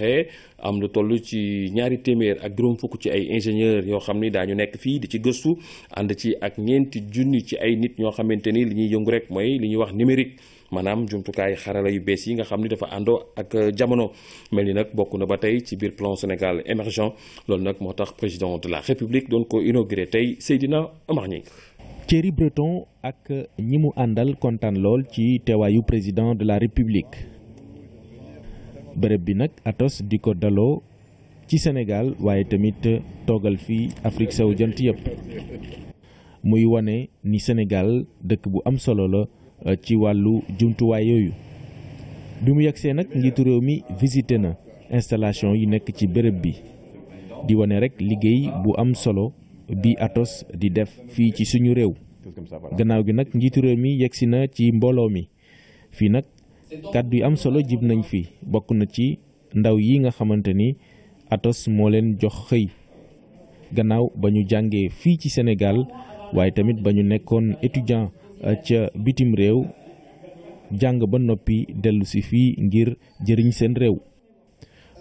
après am lu toll ci ñaari téeméer ak juróom fukk ci ay ingénieur yoo xam ni daañu nekk fii di ci gëstu ànd ci ak ñeenti junni ci ay nit ñoo xamante ni li ñuy yëngu rek mooy li ñuy wax numérique maanaam jumtukaay xarala yu bees yi nga xam ni dafa àndoo ak euh, jamono mel ni nag bokk na ba tey ci biir plan Sénégal émergent loolu nag moo tax président de la République doon ko inauguré tey dina Omar Gningue Thierry Breton ak euh, ñi mu àndal kontaan lool ci teewaayu président de la République bërëb bi nag Atos di ko daloo ci senegaal waaye tamit toogal fii Afrique sowu jant yëpp muy wane ni Sénégal dëkk bu am solo la euh, ci wàllu jumtuwaay yooyu bi mu yegsee nag njiitu réew mi visité na installation yi nekk ci bërëb bi di wane rek liggéey bu am solo bi Atos di def fii ci suñu réew gannaaw gi nag njiitu réew mi yegsi na ci mbooloo mi fii nag kàddu yu am solo jib nañ fi bokk na ci ndaw yi nga xamante ni Atos moo leen jox xëy gannaaw ba ñu jàngee fii ci senegal waaye tamit ba ñu nekkoon étudiant euh, ca bitim réew jàng ba noppi dellusi fii ngir jëriñ seen réew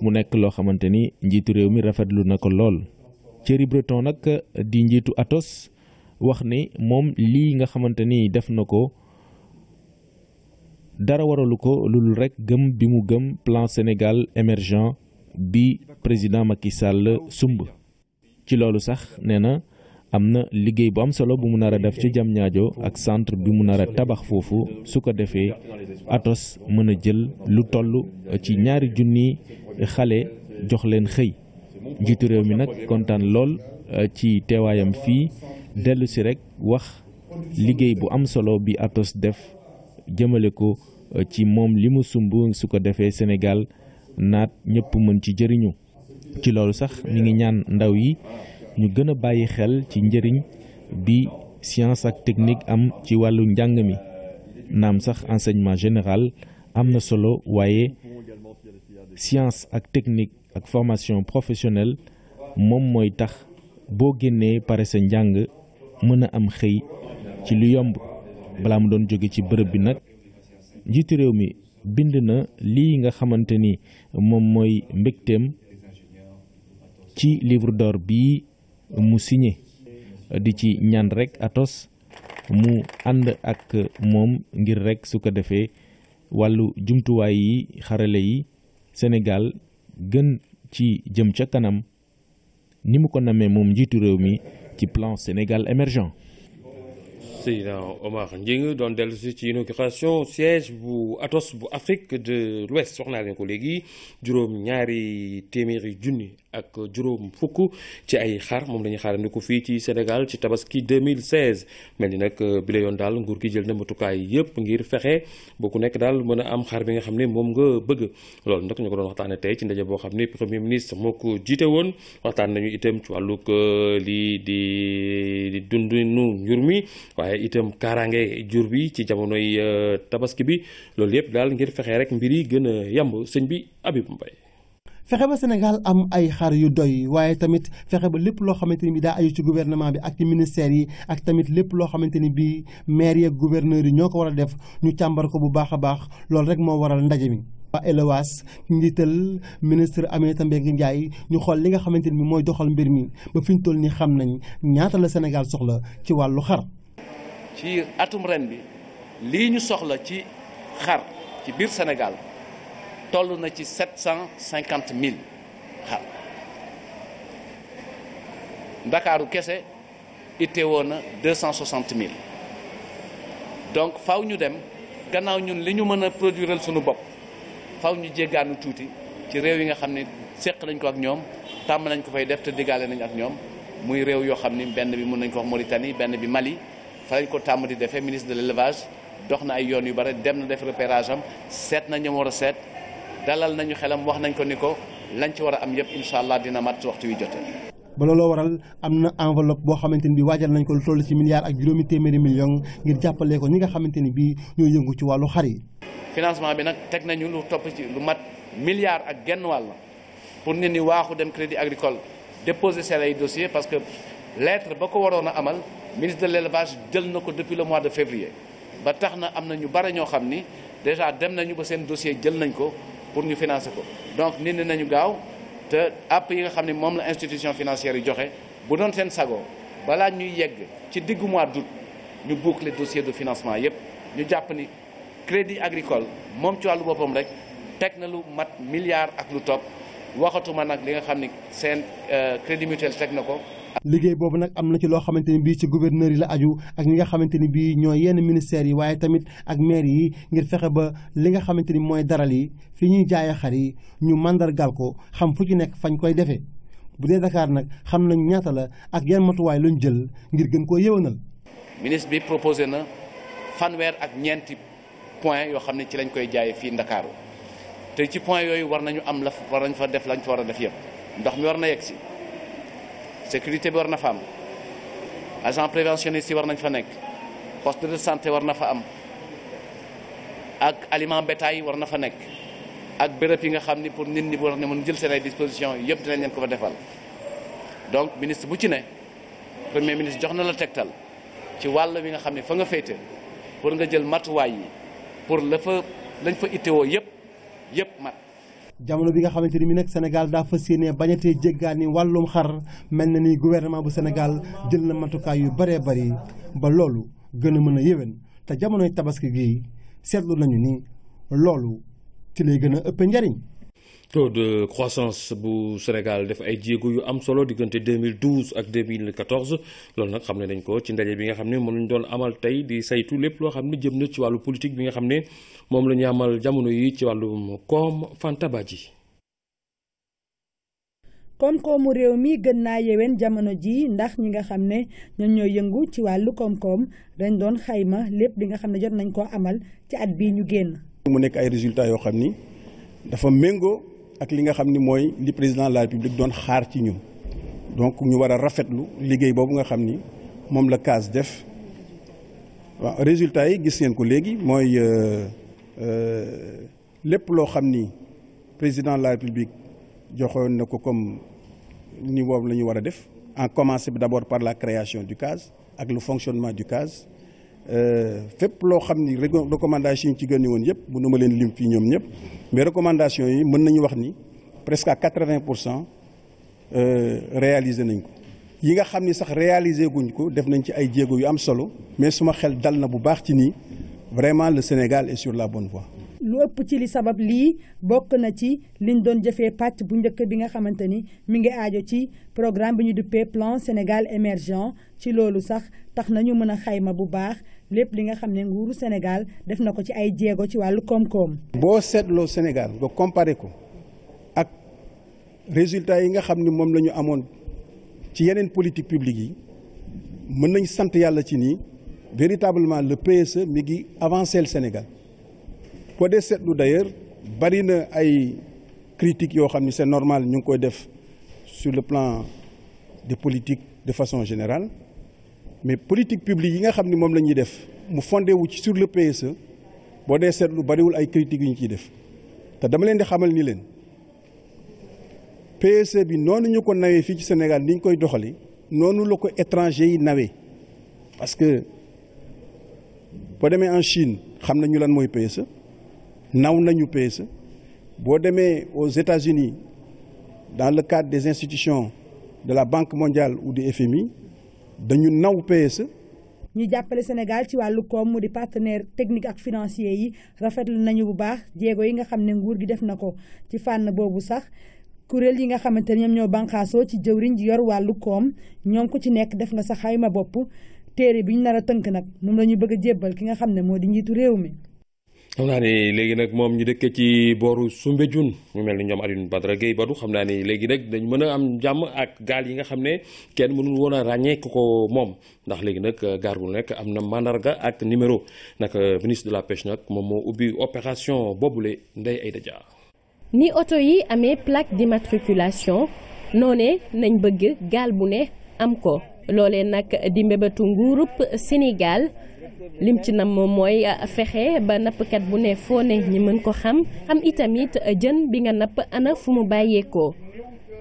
mu nekk loo xamante ni njiitu réew mi rafetlu na ko lool Thierry Breton nag di njiitu Atos wax ni moom lii nga xamante ni def na ko dara waralu ko loolu rek gëm bi mu gëm plan Sénégal émergent bi président Macky Sall sumb ci loolu sax nee na am na liggéey bu am solo bu mu nar a def ci Diamniadio ak centre bi mu nar a tabax foofu su ko defee Atos mën a jël lu toll ci ñaari junni xale jox leen xëy njiitu réew mi nag kontaan lool euh, ci teewaayam fii dellusi si rek wax liggéey bu am solo bi Atos def jëmale ko euh, ci moom li mu sumb su ko defee Sénégal naat ñëpp mën ci jëriñu ci loolu sax ñu ngi ñaan ndaw yi ñu gën a bàyyi xel ci njëriñ bi science ak technique am ci wàllu njàng mi naam sax enseignement général am na solo waaye science ak technique ak formation professionnelle moom mooy tax boo génnee pare sa njàng mën a am xëy ci lu yomb balaa mu doon jóge ci bërëb bi nag njiitu réew mi bind na lii nga xamante ni moom mooy mbégteem ci livre d'or bii mu signé di ci ñaan rekk Atos mu ànd ak moom ngir rekk su ko defee wàllu jumtuwaay yi xarale yi Sénégal gën ci jëm ca kanam ni mu ko namee moom njiitu réew mi ci plan Sénégal émergent Seydina Omar Njing doon dellu si ci inauguration siège bu Atos bu Afrique de l'Ouest wax naa ko léegi juróom ñaari téeméeri junni ak juróom fukk ci ay xar moom la ñuy xaarandiku fii ci Sénégal ci tabaski 2016 mel ni nag euh, bi la yoon daal nguur ki jël na matukaay yëpp ngir fexe ba ku nekk daal mën a am xar bi nga xam ne moom nga bëgg loolu nag ñu ko doon waxtaane tey ci ndaje boo xam ne premier ministre moo ko jiite woon waxtaan nañu itam ci wàlluk euh, lii di waaye itam kaaraange jur bi ci jamonoy euh, tabaski bi loolu yëpp daal ngir fexe rek mbir yi gën a yemb sëñ bi Habib Mbaye fexe ba Sénégal am ay xar yu doy waaye tamit fexe ba lépp loo xamante ni bi daa aju ci gouvernement bi ak ci yi ak tamit lépp loo xamante ni bi maire yeeg gouverneur yi ñoo ko war a def ñu càmbar ko bu baax a baax loolu rek moo waral ndaje mi waa élevage njiital ministre Aminata Mbengue Ndiaye ñu xool li nga xamante ni bi mooy doxal mbir mi ba fi ñu toll nii xam nañ ñaata la Sénégal soxla ci wàllu xar ci atum ren bi lii ñu soxla ci xar ci biir Sénégal toll na ci sept cinquante mille xar ndakaaru kese itteewoo na deux cent soixante mille donc faw ñu dem gannaaw ñun li ñu mën a produire suñu bopp faw ñu jéggaanu tuuti ci réew yi nga xam ne seq nañ ko ak ñoom tàmm nañ ko fay def te diggaale nañ ak ñoom muy réew yoo xam ni benn bi mun nañ ko wax Mauritanie benn bi Mali fa lañ ko tàmm di defee ministre de l' dox na ay yoon yu bare dem na def repérage am seet na ñoom war a seet dalal nañu xelam wax nañ ko ni ko lañ ci war a am yëpp incha allah dina mat waxtu wi jotee. ba looloo waral am na enveloppe boo xamante ni bi waajal nañ ko lu toll ci milliards ak juróomi téeméeri millions ngir jàppale ko ñi nga xamante ni bii ñoo yëngu ci wàllu xar yi. financement bi nag teg nañu lu topp ci lu mat milliards ak genn wàll pour nit ñi waaxu dem crédit agricole déposer seen ay que lettre ba ko waroon a amal ministre de l'élevage jël na ko depuis le mois de février ba tax na am na ñu bare ñoo xam ni déjà dem nañu ba seen dossier jël nañ ko pour ñu financer ko donc nit nañu gaaw te app yi nga xam ne moom la institution financière yi joxe bu doon seen sago balaa ñuy yegg ci diggu mois d'août ñu boucler dossier de financement yépp ñu jàpp ni crédit agricole moom ci wàllu boppam rek teg na lu mat milliard ak lu topp waxatuma nag li nga xam ni seen euh, crédit mutuel teg na ko liggéey boobu nag am na ci loo xamante ni bii ci gouverneur yi la aju ak ñi nga xamante ni bii ñooy yenn ministères yi waaye tamit ak maire yi ngir fexe ba li nga xamante ni mooy daral yi fi ñuy jaaye xar yi ñu mandargal ko xam fu ci nekk fañ koy defee bu dee Dakar nag xam nañ ñaata la ak yan matuwaay lu ñu jël ngir gën koo yëwanal. ministre bi proposé na fanweer ak ñeenti point yoo xam ne ci lañ koy jaayee fii Ndakaaru te ci point yooyu war nañu am la war nañ fa def lañ fa war a def yëpp sécurité bi war na fa am agent préventionniste yi war nañ fa nekk poste de santé war na fa am ak aliment bétail war na fa nekk ak béréb yi nga xam ni pour nit ñi war na mën jël seen ay dispositions yëpp dinañ leen ko fa defal donc ministre bu ci ne premier ministre jox na la tegtal ci wàll wi nga xam ne fa nga féete pour nga jël matuwaay yi pour la fa lañ fa ittewoo yëpp yëpp mat jamono bi nga xamante ni mi nag Sénégal daa fas yéene bañatee jéggaani wàllum xar mel na ni gouvernement bu Sénégal jël na matukaay yu bëree bëri ba loolu gën a mën a yéwén te jamonoy tabaski gii seetlu nañu ni loolu ci lay gën a ëpp njariñ taux de croissance bu Sénégal def ay jéego yu am solo diggante 2012 ak 2014 loolu nag xam ne dañ ko ci ndaje bi nga xam ne moom lañ doon amal tey di saytu lépp loo xam jëm na ci wàllu politique bi nga xam ne moom la ñu amal jamono yi ci wàllum koom fantaba ji koom-koomu réew mi gën naa yewen jamono ji ndax ñi nga xam ne ñoom ñoo yëngu ci wàllu koom-koom dañ doon xayma lépp li nga xam ne jot nañ ko amal ci at bii ñu génn. mu nekk ay résultats yoo xam ni. dafa méngoo ak li nga xam ni mooy li président de la république doon xaar ci ñun donc ñu war a rafetlu liggéey boobu nga xam ni moom la CAS def waaw résultat yi gis ngeen ko léegi mooy euh, euh, lépp loo xam ni président de la république joxoon na ko comme niveau la ñu war a def en commençant d'abord par la création du CAS ak lu fonctionnement du CAS Euh, fépp loo xam ni recommandation yi ci gën woon yëpp mënu ma leen lim fii ñoom ñëpp mais recommandation yi mën nañu wax ni presque à quatre-vingts pour cent euh, réaliser nañ ko yi nga xam ni sax réalisé guñ ko def nañ ci ay jéego yu am solo mais suma xel dal na bu baax ci nii vraiment le Sénégal est sur la bonne fois lu ëpp ci li sabab lii bokk na ci liñ doon jëfee pàcc bu njëkk bi nga xamante ni mi ngi aajo ci programme bi ñu duppee plan Sénégal émergent ci loolu sax tax nañu mën a xayma bu baax. lépp li nga xam ne nguuru Sénégal def na ko ci ay jéego ci wàllu koom-koom. boo seetloo Sénégal nga comparé ko ak résultats yi nga xam ni moom la ñu amoon ci yeneen politique publique yi mën nañ sant yàlla ci nii véritablement le PSE mi ngi avancé le Sénégal ko dee seetlu d'ailleurs bari na ay critiques yoo xam ne c'est normal ñu ngi koy def sur le plan de politiques de façon générale mais politique publique yi nga xam ne moom la ñuy def mu fondé wu ci sur le PSE boo dee lu bariwul ay critiques yu ñu ciy def te dama leen di xamal ni leen PSE bi noonu ñu ko nawee fii ci Sénégal ni ñu koy doxali noonu la ko étranger yi nawee parce que boo demee en Chine xam nañu lan mooy PSE naw nañu PSE boo demee aux États-Unis dans le cadre des institutions de la Banque mondiale ou du FMI dañu naw PSE. ñi jàppale Sénégal ci wàllu koom mu di partenaire technique ak financier yi rafetlu nañu bu baax jéego yi nga xam ne nguur gi def na ko ci fànn boobu sax kuréel yi nga xamante ne ñoom ñoo banqaasoo ci jëwriñ ji yor wàllu koom ñoom ko ci nekk def nga sa xayma bopp téere bi ñu nar a tënk nag moom la ñu bëgg a jébbal ki nga xam ne moo di njiitu réew mi. xam naa ni léegi nag moom ñu dëkkee ci booru Soumbédioune mu mel ni ñoom Alioune Badara Gueye Badou xam naa ni léegi nag dañ mën a am jàmm ak gaal yi nga xam ne kenn mënul woon a ràññee ko moom ndax léegi nag gaar bu nekk am na mandarga ak numéro nag ministre de la pêche nag moom moo ubbi opération boobule Ndeye Aïda Dia ni oto yi amee plaque d'immatriculation noonee nañ bëgg gaal bu ne am ko loolee nak di mbébétu nguurub Sénégal lim ci moom mooy fexe ba nappkat bu ne foo ne ñi mën ko xam xam itamit jën bi nga napp ana fu mu bàyyeekoo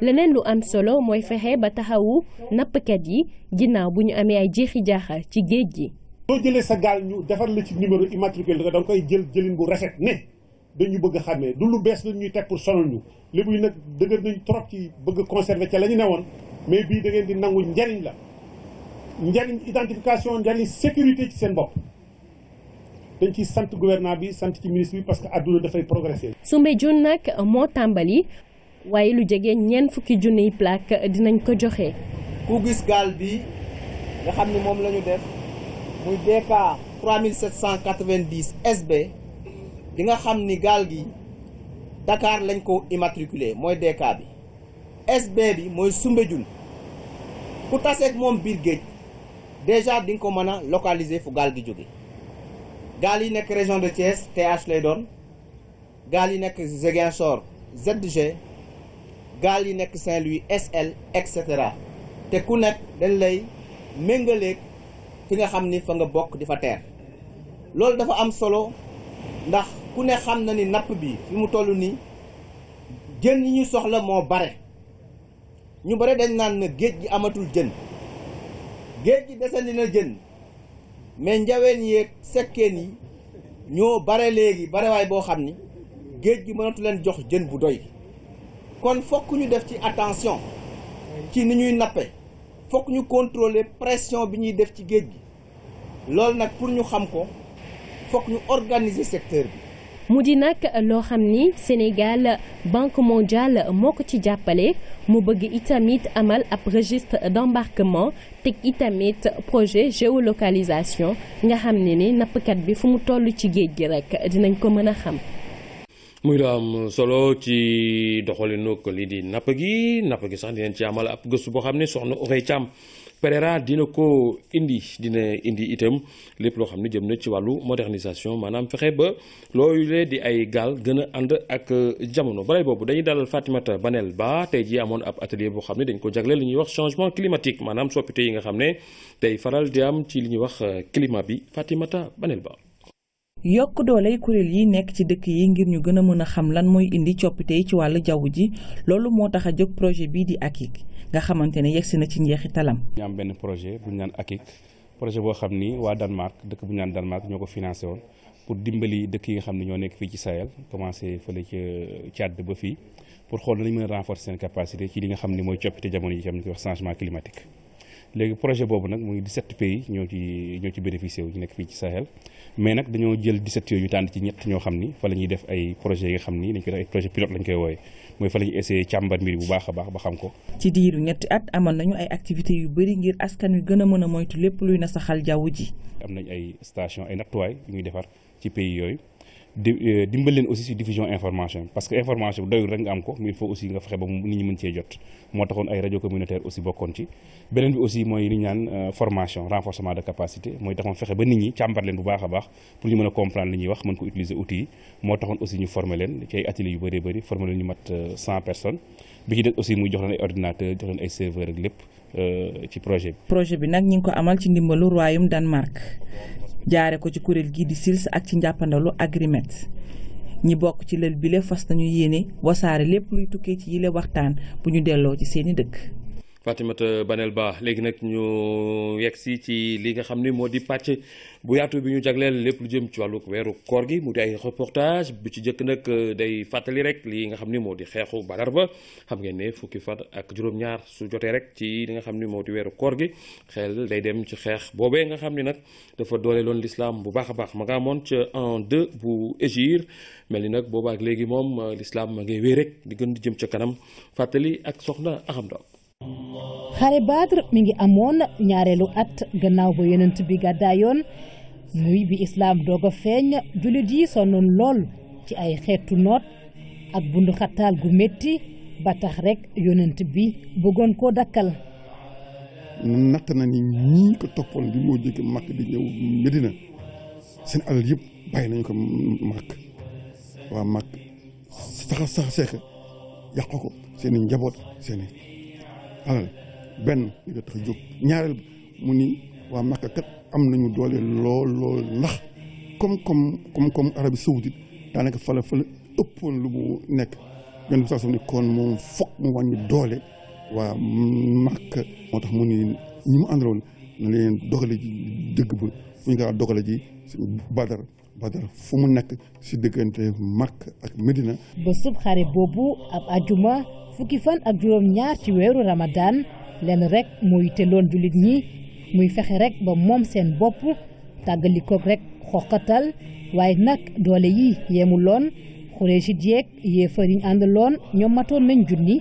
leneen lu am solo mooy fexe ba taxawu nappkat yi ginnaaw bu ñu amee ay jeexi jaaxa ci géej gi. soo jëlee sa gaal ñu defar la ci numéro immatriculé da koy jël jëlin bu rafet ne dañu bëgg a xàmmee du lu bees lañuy teg pour ñu lébu yi nag dëgër nañ trop ci bëgg conserver ca la ñu newoon mais bii da di nangu njariñ la. njariñ identification njariñ sécurité ci seen bopp dañ ci sant gouvernement bi sant ci ministre bi parce que àdduna dafay progresser. Soumbédioune nag moo tàmbali waaye lu jege ñeent fukki junniy plaque dinañ ko joxe. ku gis gaal bi nga xam ne moom la ñu def muy DK 3790 SB di nga xam ni gaal gi dakaar lañ ko immatriculé mooy DK bi SB bi mooy Soumbédioune ku taseeg moom biir géej déjà di nga ko mën a localiser fu gaal gi jóge gaal yi nekk région de Thiès TH lay doon gaal yi nekk Ziguinchor ZG gaal yi nekk Saint-Louis SL et cetera te ku nekk dañ lay méngaleeg fi nga xam ni fa nga bokk di fa teer loolu dafa am solo ndax ku ne xam na ni napp bi fi mu toll nii jën yi ñu soxla moo bare ñu bare dañ naan na géej gi amatul jën géej gi desandi na jën mais njaween yeeg sekkeen yi ñoo bare léegi barewaay boo xam ni géej gi mënatu leen jox jën bu doy kon fokk ñu def ci attention ci ni ñuy nappe fokk ñu contrôler pression bi ñuy def ci géej gi loolu nag pour ñu xam ko fokk ñu organise secteur bi mu di nag loo xam ni Sénégal Banque mondiale moo ko ci jàppale mu bëgg itamit amal ab registre d'embarquement teg itamit projet géolocalisation nga xam ne ni nappkat bi fu mu toll ci géej gi rek dinañ ko mën a xam muy lu am solo ci doxalinu ko lii di napp gi napp gi sax dinañ ci amal ab gëstu boo xam ne soxna Ourey Thiam PRERA dina ko indi dina indi itam lépp loo xam ne jëm na ci wàllu modernisation maanaam fexe ba looyu di ay gaal gën a ànd ak euh, jamono balay boobu dañuy dalal Fatimata baneel baa tey ji amoon ab atelier boo xam ne dañ ko jagle li ñuy wax changement climatique maanaam soppite yi nga xam ne tey faral di am ci li ñuy wax euh, climat bi Fatimata Banel Ba yokk dooley kuréel yi nekk ci dëkk yi ngir ñu gën a mën a xam lan mooy indi coppite yi ci wàllu jaww ji loolu moo tax a jóg projet bii di AKIK nga xamante ne yegsi na ci njeexitalam. ñu am benn projet bu ñu naan AKIK projet boo xam ni waa Danemark dëkk bu ñu naan Danemark ñoo ko financé woon pour dimbali dëkk yi nga xam ne ñoo nekk fii ci Sahel commencé fële ca Tchad ba fii pour xool nañu mën a renforcer seen capacité ci li nga xam ne mooy coppite climatique. léegi projet boobu nag muy 17 pays ñoo ci ñoo ci bénéficié wu ñu nekk fii ci Sahel mais nag dañoo jël 17 yooyu tànn ci ñett ñoo xam ni fa la ñuy def ay projets yi nga xam ni dañ koy def ay projet pilote lañ koy wooye mooy fa la ñuy essayé càmbar mbir bu baax a baax ba xam ko ci diiru ñetti at amoon nañu ay activités yu bëri ngir askan wi gën a mën a moytu lépp luy na sa xal jaww ji am nañ ay station ay nattuwaay yu ñuy defar ci pays yooyu di euh, leen aussi si diffusion information parce que information bi doyul rek nga am ko mais il aussi nga fexe ba nit ñi mën cee jot moo taxoon ay rajo communautaire aussi bokkoon ci beneen bi aussi mooy li ñu euh, formation renforcement de capacité mooy taxoon fexe ba nit ñi càmbar leen bu baax a baax pour ñu mën a comprendre li wax mën ko utiliser outils moo taxoon aussi ñu former leen ci ay ateliers yu bëree bëri former leen mat 100 euh, personnes jaare ko ci kuréel gii di SILS ak ci njàppandalu Agrimet ñi bokk ci lël bile fas ñu yéene wasaare lépp luy tukkee ci yile waxtaan bu ñu delloo ci seeni dëkk Fatimata Banel Ba léegi nag ñu yegg si ci li nga xam ni moo di pàcc bu yaatu bi ñu jagleel lépp lu jëm ci wàllu weeru koor gi mu di ay reportage bu ci jëkk nag euh, day fàttali rek li nga xam ni moo di xeexu badar ba xam ngeen ne fukki fan ak juróom-ñaar su jotee rek ci li nga xam ni moo di weeru koor gi xel day dem ci xeex boobee nga xam ni nag dafa doole loon lislaam bu baax a baax ma nga amoon ca en deux bu égir mel ni nag ak léegi moom euh, lislaam ma ngay rek di gën di jëm ca kanam fàttali ak soxna xare Badr mi ngi amoon ñaareelu at gannaaw ba yonent bi gàddaayoon muy bi islaam doog a feeñ jullit yi sonoon lool ci ay xeetu noot ak bundu gu métti ba tax rekk yonent bi bëggoon koo dakkal naq na ni ñii ko toppoon bi moo jóge màkk di ñëw Medina seen alal yëpp bàyyi nañu ko màkk waa màkk sax sax seeka yàq ko seen njaboot seen alal benn li ko tax a jóg ñaareel mu ni waa Makka kat am nañu doole lool lool ndax comme kom comme comme Arabie saoudite daanaka fala fala ëppoon lu mu nekk yoon bi sax ni kon moom foog mu wàññi doole waa Makka moo tax mu ni ñi mu na leen dogale ji dëgg ba fu ñu kaa dogale ji Badar Badar fu mu nekk si diggante Makk ak Medina. bésub xare boobu ab ajuma fukki fan ak juróom ñaar ci weeru Ramadan leen rek muy teloon jullit ñi muy fexe rek ba moom seen bopp tàggalikook rekk xoqatal waaye nag doole yi yemu loon xureesit yeeg yéefar yi ñu àndaloon ñoom matoon junni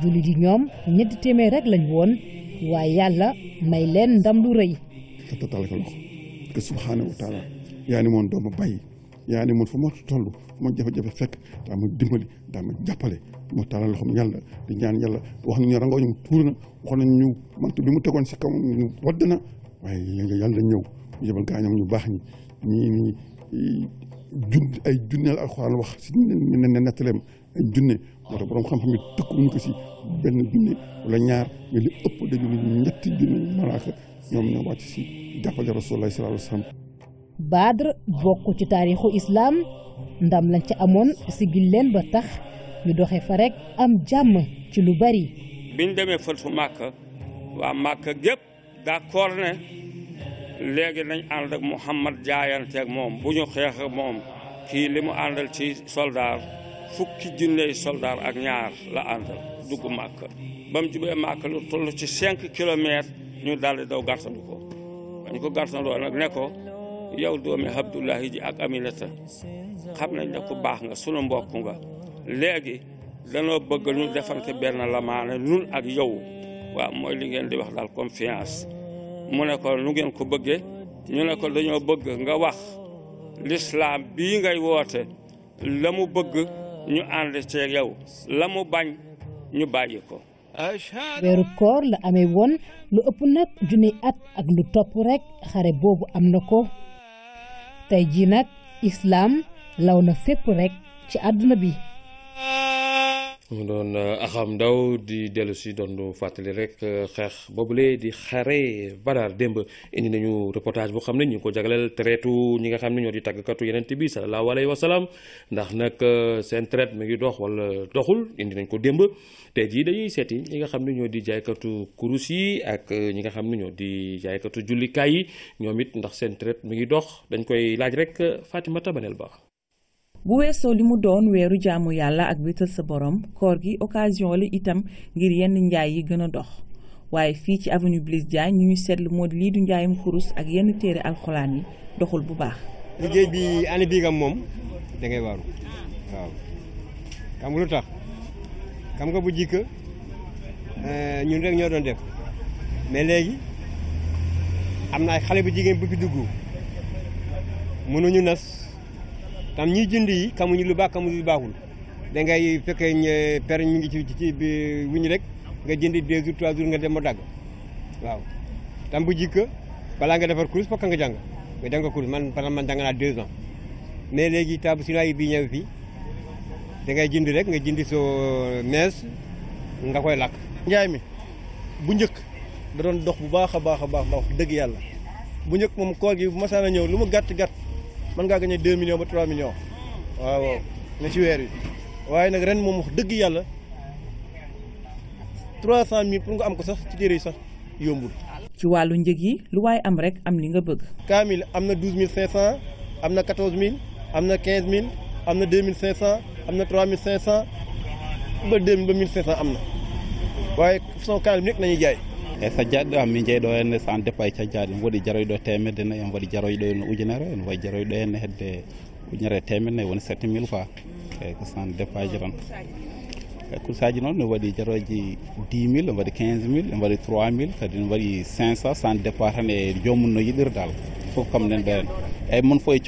jullit yi ñoom ñetti téeméer lañ woon waaye yàlla may leen ndam lu rëy. yaa ni moon dooma bàyyi yaa ni moon fu ma toll moo jafe-jafe fekk daa ma dimbali daa ma jàppale taalal loxoom yàlla di ñaan yàlla wax nañu rangoo ñu tuur na wax nañu bi mu tegoon si kaw ñu wadd na waaye yàlla ñëw mu yebal gaañam ñu baax ñi ñii nii jun ay junneel alxuraan wax si ne ne nettaleem ay junne moo tax borom xam-xam yi tëkkuwuñ ko si benn junne wala ñaar mais li ëpp dañu ñetti junne malaaka ñoom ñoo wàcc si jàppale rasulullah sallallahu alayhi wa Badr bokk ci taarixu islaam ndam lañ ca amoon sigil ba tax ñu doxe fa rek am jàmm ci lu bari biñ demee fu màkk waa Màkka gépp d'accord ne léegi nañ ànd ak Muhammad jaayanteeg moom bu ñu xeex ak moom kii li mu àndal ci soldaar fukki junney soldaar ak ñaar la àndal dugg Màkka ba mu jubee Màkka lu toll ci cinq kilomètres ñu daldi daw gàrtandu ko dañ ko gàrtandoo nag ne ko yow doomi Abdullahi ji ak Aminata xam na ne ku baax nga sunu mbokk nga léegi danoo bëgg ñu defante benn lamaane nun ak yow waaw mooy li ngeen di wax daal confiance mu ne ko nu ngeen ko bëggee ñu ne ko dañoo bëgg nga wax lislaam bi ngay woote la mu bëgg ñu ànd ceeg yow la mu bañ ñu bàyyi ko weeru koor la amee woon lu ëpp nag junniy at ak lu topp rekk xare boobu am na ko tey jii nag islaam law na fépp rekk ci àdduna bi mu doon eh, axam ndaw di dellu si doon fàttali rek eh, xeex boobule di xare badar démb indi nañu reportage boo xam ne ñu ngi ko jagleel traite ñi nga xam ne ñoo di tàggkatu yenent bi sallallahu alayhi wa salaam ndax nag eh, seen traite mi ngi dox wala doxul indi nañ ko démb tey jii dañuy seeti ñi nga xam ne ñoo di jaaykatu kurus yi ak ñi nga xam ne ñoo di jaaykatu jullikaay yi ñoom it ndax seen traite mi ngi dox dañ koy laaj rek Fatimata Banel Ba bu weesoo li mu doon weeru jàmm yàlla ak wéetal sa boroom koor gi occasion la itam ngir yenn njaay yi gën a dox waaye fii ci avenue Blaise Diagne ñu ñu seetlu moo lii du njaayum kurus ak yenn téere alxuraan yi doxul bu baax. liggéey bi année bii nga moom dangay ngay waaru waaw xam nga bu jikk eh, ñun rek ñoo doon def mais léegi am na xale bu jigéen bu fi dugg mënuñu nas. tam ñiy jënd yi xamuñu lu baax xamuñu lu baaxul da ngay fekkee per ñu ngi ci ci wuñu rek nga jëndi deux jours trois jours nga dem ma dagg waaw tam bu jikka balaa nga defar course fokk nga jàng nga jàng course man par man jàng naa deux ans mais léegi taabu si naay bii ñëw fii da ngay jënd rek nga jindi soo mees nga koy lakk. njaay mi bu njëkk da dox bu baax a baax a baax wax dëgg yàlla bu njëkk moom koor gi bu masaan a ñëw lu mu gàtt gàtt. mën ngaa gagné 2 millions ba 3 millions waaw waaw ne ci weer wi waaye nag ren moom wax dëgg yàlla 300000 pour nga am ko sax ci téere yi sax yombul. ci wàllu njëg yi lu waaye am rek am li nga bëgg. kaamil am na 12500 am na 14000 am na 15000 am na 2500 am na 3500 ba 2000 ba 1500 am na waaye façon kaamil bi nekk nañuy jaay. e so jaɗɗo min jeyɗo henne so an déppa e cajjaɗi en waɗi jaroyɗo e temedde nayyi waɗi jaroyɗo en ujunere en waɗi jaroyɗo e e woni sept mille ko san déppaji e kursaji noon ne waɗi jaroji 10 mille en waɗi 15 mille en waɗi waɗi 500 sans départ e jomum no yiɗir dal fof kam nen ɗo hen eyyi moon fof e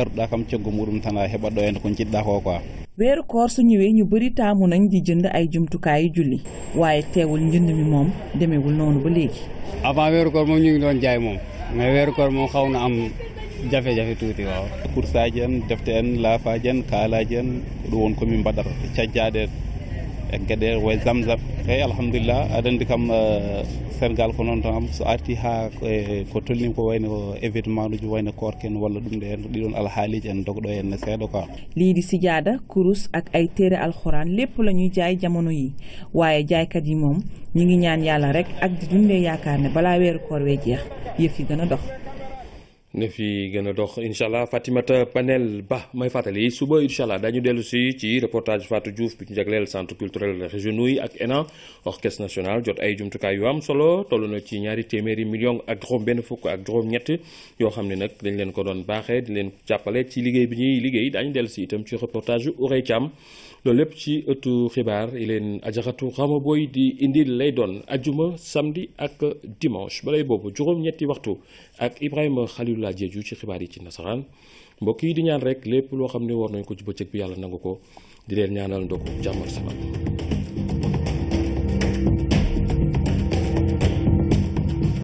a heɓat ɗo henne ko weeru su ñëwee ñu bëri taamu nañ di jënd ay jumtukaayu julli waaye teewul njënd mi moom demewul noonu ba léegi. avant weeru koor moom ñu ngi doon jaay moom mais weeru koor moom xaw na am jafe-jafe tuuti waaw. kursajen defteen laafajen kaalajen ɗo won komin mbaɗata cajjaade eggede way zamzam eyyi eh, alhamdulillah aɗa andi kam euh, sénégal ko noon tan so arti ha eh, ko tolni ko wayno événement uji wayno korke en walla ɗum ɗe en ɗiɗon alhaaliji en dogɗo henne seeɗa quoi leydi sidiada kurus ak ay téere alquran lépp la ñuy jaay jamono yi waaye jaaykat yi moom ñi ngi ñaan yàlla rek ak di dundee yaakaar ne balaa weeru koor wee jeex yëf yi gën a dox na fi gën a dox incha allah Fatimata Panel Ba may fàttali suba incha dañu dellu si ci reportage Fatou Diouf bi ñu jagleel centre culturel régionaux yi ak ENA orchestre national jot ay jumtukaay yu am solo toll na ci ñaari téeméeri million ak juróom benn fukk ak juróom ñett yoo xam ne nag dañ leen ko doon baaxee di leen jàppale ci liggéey bi ñuy liggéey dañu dellu si itam ci reportage yu Ourey loolu lépp ci ëttu xibaar yi leen ajaxatu xama booy di indi lay doon ajuma samedi ak dimanche balay boobu juróom-ñetti waxtu laa jeeju ci xibaar yi ci nasaraan mbokk yi di ñaan rek lépp loo xam ne war nañ ko ci bëccëg bi yàlla nangu ko di leen ñaanal ndokk jàmm ak salaam